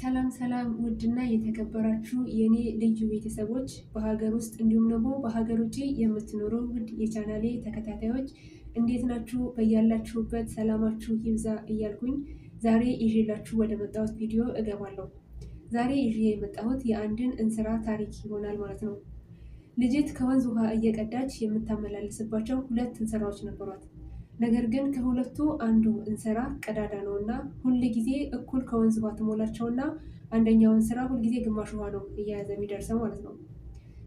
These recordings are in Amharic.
ሰላም ሰላም ውድና የተከበራችሁ የኔ ልዩ ቤተሰቦች በሀገር ውስጥ እንዲሁም ደግሞ በሀገር ውጭ የምትኖሩ ውድ የቻናሌ ተከታታዮች እንዴት ናችሁ? በያላችሁበት ሰላማችሁ ይብዛ እያልኩኝ ዛሬ ይዤላችሁ ወደ መጣሁት ቪዲዮ እገባለሁ። ዛሬ ይዤ የመጣሁት የአንድን እንስራ ታሪክ ይሆናል ማለት ነው። ልጅት ከወንዝ ውሃ እየቀዳች የምታመላልስባቸው ሁለት እንስራዎች ነበሯት። ነገር ግን ከሁለቱ አንዱ እንስራ ቀዳዳ ነው እና ሁል ጊዜ እኩል ከወንዝ ውሃ ትሞላቸውና አንደኛው እንስራ ጊዜ ግማሽ ውሃ ነው እያያዘ የሚደርሰው ማለት ነው።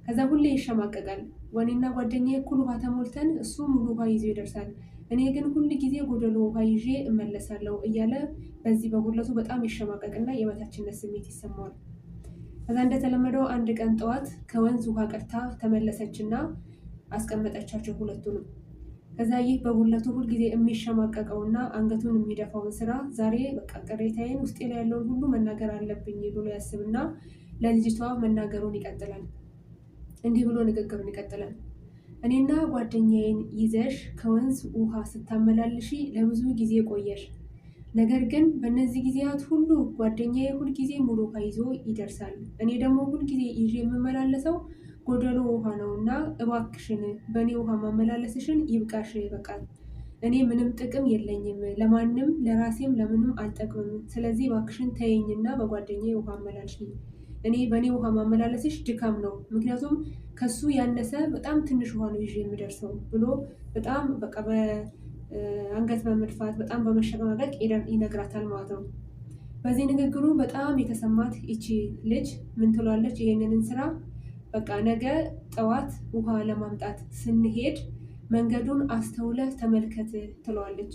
ከዛ ሁሌ ይሸማቀቃል። ወኔና ጓደኛ እኩል ውሃ ተሞልተን እሱ ሙሉ ውሃ ይዞ ይደርሳል፣ እኔ ግን ሁል ጊዜ ጎደሎ ውሃ ይዤ እመለሳለሁ እያለ በዚህ በጉድለቱ በጣም ይሸማቀቅና የበታችነት ስሜት ይሰማዋል። ከዛ እንደተለመደው አንድ ቀን ጠዋት ከወንዝ ውሃ ቀድታ ተመለሰችና አስቀመጠቻቸው ሁለቱንም። ከዛ ይህ በጉለቱ ሁልጊዜ የሚሸማቀቀውና አንገቱን የሚደፋውን ስራ ዛሬ በቃ ቅሬታዬን ውስጤ ላይ ያለውን ሁሉ መናገር አለብኝ ብሎ ያስብና ለልጅቷ መናገሩን ይቀጥላል። እንዲህ ብሎ ንግግሩን ይቀጥላል። እኔና ጓደኛዬን ይዘሽ ከወንዝ ውሃ ስታመላልሺ ለብዙ ጊዜ ቆየሽ። ነገር ግን በእነዚህ ጊዜያት ሁሉ ጓደኛዬ ሁልጊዜ ሙሉ ውሃ ይዞ ይደርሳል። እኔ ደግሞ ሁልጊዜ ይዤ የምመላለሰው ጎደሎ ውሃ ነው እና እባክሽን በእኔ ውሃ ማመላለስሽን ይብቃሽ፣ ይበቃል። እኔ ምንም ጥቅም የለኝም፣ ለማንም ለራሴም ለምንም አልጠቅምም። ስለዚህ እባክሽን ተይኝና በጓደኛ ውሃ አመላልሽኝ። እኔ በእኔ ውሃ ማመላለስሽ ድካም ነው፣ ምክንያቱም ከሱ ያነሰ በጣም ትንሽ ውሃ ነው ይዤ የምደርሰው ብሎ በጣም በቃ በአንገት በመድፋት በጣም በመሸማቀቅ ይነግራታል ማለት ነው። በዚህ ንግግሩ በጣም የተሰማት ይቺ ልጅ ምን ትሏለች? ስራ በቃ ነገ ጠዋት ውሃ ለማምጣት ስንሄድ መንገዱን አስተውለህ ተመልከት ትለዋለች።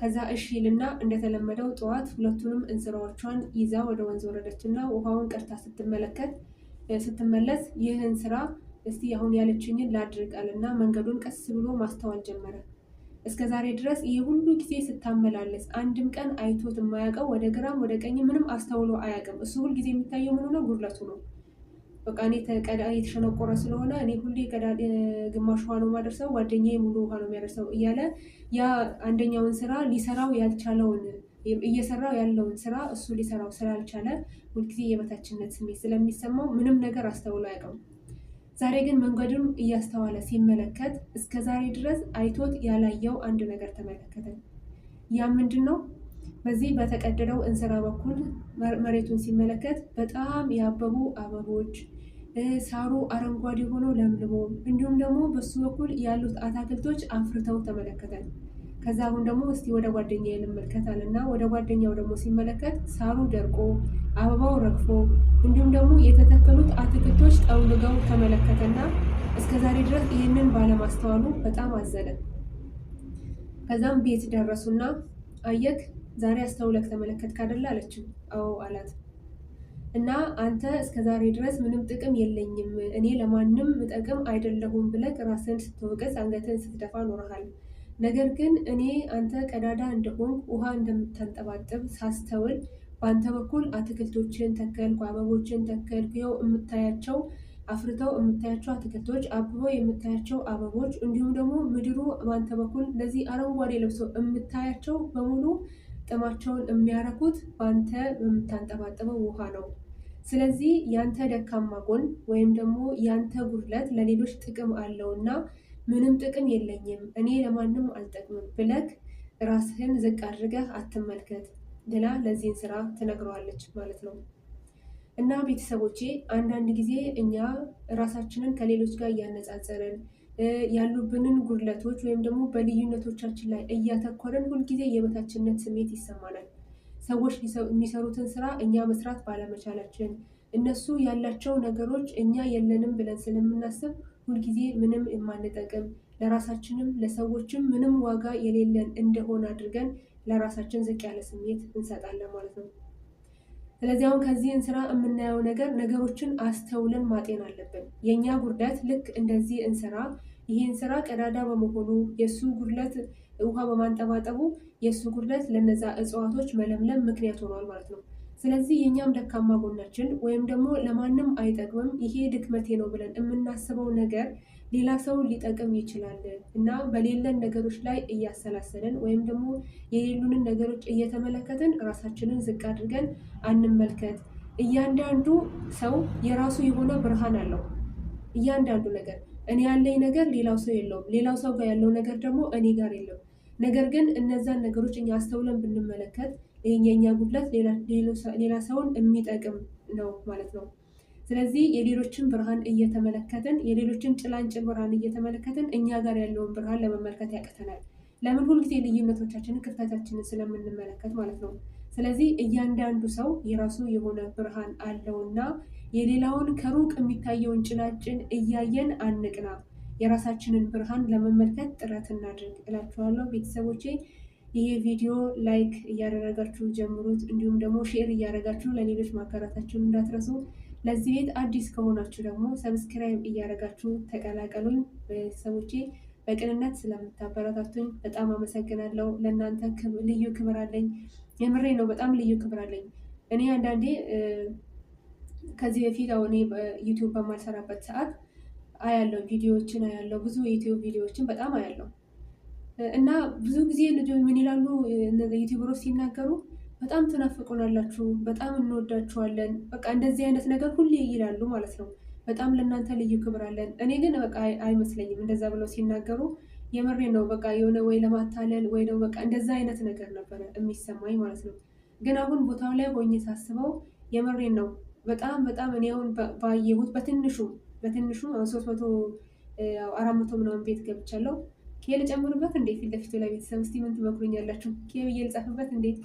ከዛ እሺልና እንደተለመደው ጠዋት ሁለቱንም እንስራዎቿን ይዛ ወደ ወንዝ ወረደች እና ውሃውን ቀድታ ስትመለከት ስትመለስ ይህን ስራ እስቲ አሁን ያለችኝን ላድርቃል እና መንገዱን ቀስ ብሎ ማስተዋል ጀመረ። እስከ ዛሬ ድረስ ይህ ሁሉ ጊዜ ስታመላለስ አንድም ቀን አይቶት የማያውቀው ወደ ግራም ወደ ቀኝ ምንም አስተውሎ አያውቅም። እሱ ጊዜ የሚታየው ምኑ ነው? ጉድለቱ ነው። በቃ እኔ ቀዳ የተሸነቆረ ስለሆነ እኔ ሁሌ ቀዳ ግማሽ ውሃ ነው ማደርሰው፣ ጓደኛዬ ሙሉ ውሃ ነው የሚያደርሰው እያለ ያ አንደኛውን ስራ ሊሰራው ያልቻለውን እየሰራው ያለውን ስራ እሱ ሊሰራው ስላልቻለ ሁልጊዜ የበታችነት ስሜት ስለሚሰማው ምንም ነገር አስተውሎ አያውቅም። ዛሬ ግን መንገዱን እያስተዋለ ሲመለከት እስከ ዛሬ ድረስ አይቶት ያላየው አንድ ነገር ተመለከተ። ያ ምንድን ነው? በዚህ በተቀደደው እንስራ በኩል መሬቱን ሲመለከት በጣም ያበቡ አበቦች ሳሩ አረንጓዴ ሆኖ ለምልሞ እንዲሁም ደግሞ በሱ በኩል ያሉት አታክልቶች አፍርተው ተመለከተ። ከዛ አሁን ደግሞ እስቲ ወደ ጓደኛ ልመልከታል እና ወደ ጓደኛው ደግሞ ሲመለከት ሳሩ ደርቆ አበባው ረግፎ እንዲሁም ደግሞ የተተከሉት አትክልቶች ጠውልገው ተመለከተና እስከ ዛሬ ድረስ ይህንን ባለማስተዋሉ በጣም አዘነ። ከዛም ቤት ደረሱና አየክ ዛሬ አስተውለክ ተመለከትክ አይደል አለችው። አዎ አላት። እና አንተ እስከ ዛሬ ድረስ ምንም ጥቅም የለኝም፣ እኔ ለማንም ጥቅም አይደለሁም ብለህ ራስን ስትወቅስ አንገትን ስትደፋ ኖረሃል። ነገር ግን እኔ አንተ ቀዳዳ እንደሆን ውሃ እንደምታንጠባጥብ ሳስተውል በአንተ በኩል አትክልቶችን ተከልኩ፣ አበቦችን ተከልኩ። ይኸው የምታያቸው አፍርተው የምታያቸው አትክልቶች፣ አብበው የምታያቸው አበቦች፣ እንዲሁም ደግሞ ምድሩ በአንተ በኩል እንደዚህ አረንጓዴ ለብሰው የምታያቸው በሙሉ ጥማቸውን የሚያረኩት በአንተ በምታንጠባጥበው ውሃ ነው። ስለዚህ ያንተ ደካማ ጎን ወይም ደግሞ ያንተ ጉድለት ለሌሎች ጥቅም አለውና ምንም ጥቅም የለኝም እኔ ለማንም አልጠቅምም ብለክ ራስህን ዝቅ አድርገህ አትመልከት ብላ ለዚህን ስራ ትነግረዋለች ማለት ነው። እና ቤተሰቦቼ አንዳንድ ጊዜ እኛ ራሳችንን ከሌሎች ጋር እያነጻጸርን ያሉብንን ጉድለቶች ወይም ደግሞ በልዩነቶቻችን ላይ እያተኮረን ሁልጊዜ የበታችነት ስሜት ይሰማናል። ሰዎች የሚሰሩትን ስራ እኛ መስራት ባለመቻላችን፣ እነሱ ያላቸው ነገሮች እኛ የለንም ብለን ስለምናስብ ሁልጊዜ ምንም የማንጠቅም ለራሳችንም ለሰዎችም ምንም ዋጋ የሌለን እንደሆነ አድርገን ለራሳችን ዝቅ ያለ ስሜት እንሰጣለን ማለት ነው። ስለዚህ አሁን ከዚህን ስራ የምናየው ነገር ነገሮችን አስተውለን ማጤን አለብን። የእኛ ጉድለት ልክ እንደዚህ እንስራ ይህን ስራ ቀዳዳ በመሆኑ የእሱ ጉድለት ውሃ በማንጠባጠቡ የእሱ ጉድለት ለነዛ እጽዋቶች መለምለም ምክንያት ሆኗል ማለት ነው። ስለዚህ የእኛም ደካማ ጎናችን ወይም ደግሞ ለማንም አይጠቅምም ይሄ ድክመቴ ነው ብለን የምናስበው ነገር ሌላ ሰው ሊጠቅም ይችላል እና በሌለን ነገሮች ላይ እያሰላሰልን ወይም ደግሞ የሌሉንን ነገሮች እየተመለከትን ራሳችንን ዝቅ አድርገን አንመልከት። እያንዳንዱ ሰው የራሱ የሆነ ብርሃን አለው። እያንዳንዱ ነገር እኔ ያለኝ ነገር ሌላው ሰው የለውም፣ ሌላው ሰው ጋር ያለው ነገር ደግሞ እኔ ጋር የለም። ነገር ግን እነዛን ነገሮች እኛ አስተውለን ብንመለከት የኛ ጉድለት ሌላ ሰውን የሚጠቅም ነው ማለት ነው። ስለዚህ የሌሎችን ብርሃን እየተመለከትን የሌሎችን ጭላንጭል ብርሃን እየተመለከትን እኛ ጋር ያለውን ብርሃን ለመመልከት ያቅተናል። ለምን ሁልጊዜ ልዩነቶቻችንን፣ ክፍተታችንን ስለምንመለከት ማለት ነው። ስለዚህ እያንዳንዱ ሰው የራሱ የሆነ ብርሃን አለውና የሌላውን ከሩቅ የሚታየውን ጭላንጭል እያየን አንቅና። የራሳችንን ብርሃን ለመመልከት ጥረት እናድርግ እላችኋለሁ። ቤተሰቦቼ ይሄ ቪዲዮ ላይክ እያደረጋችሁ ጀምሩት፣ እንዲሁም ደግሞ ሼር እያደረጋችሁ ለሌሎች ማጋራታችሁን እንዳትረሱ። ለዚህ ቤት አዲስ ከሆናችሁ ደግሞ ሰብስክራይብ እያደረጋችሁ ተቀላቀሉኝ። ቤተሰቦቼ በቅንነት ስለምታበረታቱኝ በጣም አመሰግናለሁ። ለእናንተ ልዩ ክብር አለኝ። የምሬ ነው፣ በጣም ልዩ ክብር አለኝ። እኔ አንዳንዴ ከዚህ በፊት አሁን ዩቲዩብ በማልሰራበት ሰዓት አያለው፣ ቪዲዮዎችን አያለው፣ ብዙ የዩቲዩብ ቪዲዮዎችን በጣም አያለው እና ብዙ ጊዜ ልጆች ምን ይላሉ ዩቲዩበሮች ሲናገሩ በጣም ትናፍቁናላችሁ፣ በጣም እንወዳችኋለን፣ በቃ እንደዚህ አይነት ነገር ሁሌ ይላሉ ማለት ነው። በጣም ለእናንተ ልዩ ክብር አለን። እኔ ግን በቃ አይመስለኝም እንደዛ ብለው ሲናገሩ የምሬ ነው። በቃ የሆነ ወይ ለማታለል ወይ ነው በቃ እንደዛ አይነት ነገር ነበረ የሚሰማኝ ማለት ነው። ግን አሁን ቦታው ላይ ሆኜ ሳስበው የምሬ ነው። በጣም በጣም እኔ አሁን ባየሁት በትንሹ በትንሹ ሶስት መቶ አራት መቶ ምናምን ቤት ገብቻለሁ። ኬ ልጨምርበት እንዴት ፊት ለፊቱ ላይ ቤተሰብ እስቲ ምን ትመክሩኛላችሁ? ኬ ብዬ ልጻፍበት እንዴት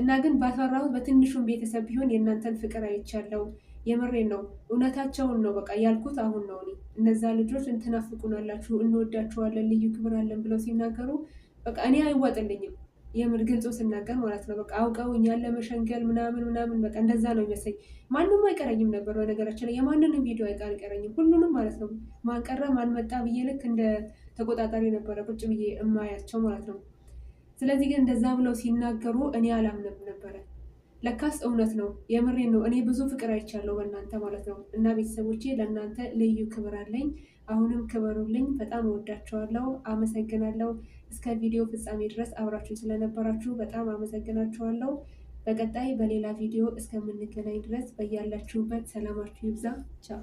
እና ግን ባፈራሁት በትንሹም ቤተሰብ ቢሆን የእናንተን ፍቅር አይቻለው። የምሬን ነው። እውነታቸውን ነው በቃ ያልኩት አሁን ነው። እኔ እነዛ ልጆች እንትናፍቁናላችሁ፣ እንወዳችኋለን፣ ልዩ ክብር አለን ብለው ሲናገሩ በቃ እኔ አይዋጥልኝም። የምር ግልጹ ስናገር ማለት ነው። በቃ አውቀውኛል ለመሸንገል ምናምን ምናምን በቃ እንደዛ ነው የሚመስለኝ። ማንም አይቀረኝም ነበር በነገራችን ላይ የማንንም ቪዲዮ አይቀረኝም ሁሉንም ማለት ነው። ማንቀረ ማንመጣ ብዬ ልክ እንደ ተቆጣጣሪ ነበረ ቁጭ ብዬ እማያቸው ማለት ነው። ስለዚህ ግን እንደዛ ብለው ሲናገሩ እኔ አላምንም ነበረ። ለካስ እውነት ነው፣ የምሬን ነው። እኔ ብዙ ፍቅር አይቻለሁ በእናንተ ማለት ነው። እና ቤተሰቦቼ ለእናንተ ልዩ ክብር አለኝ። አሁንም ክበሩልኝ። በጣም እወዳቸዋለሁ፣ አመሰግናለሁ። እስከ ቪዲዮ ፍጻሜ ድረስ አብራችሁ ስለነበራችሁ በጣም አመሰግናችኋለሁ። በቀጣይ በሌላ ቪዲዮ እስከምንገናኝ ድረስ በያላችሁበት ሰላማችሁ ይብዛ። ቻው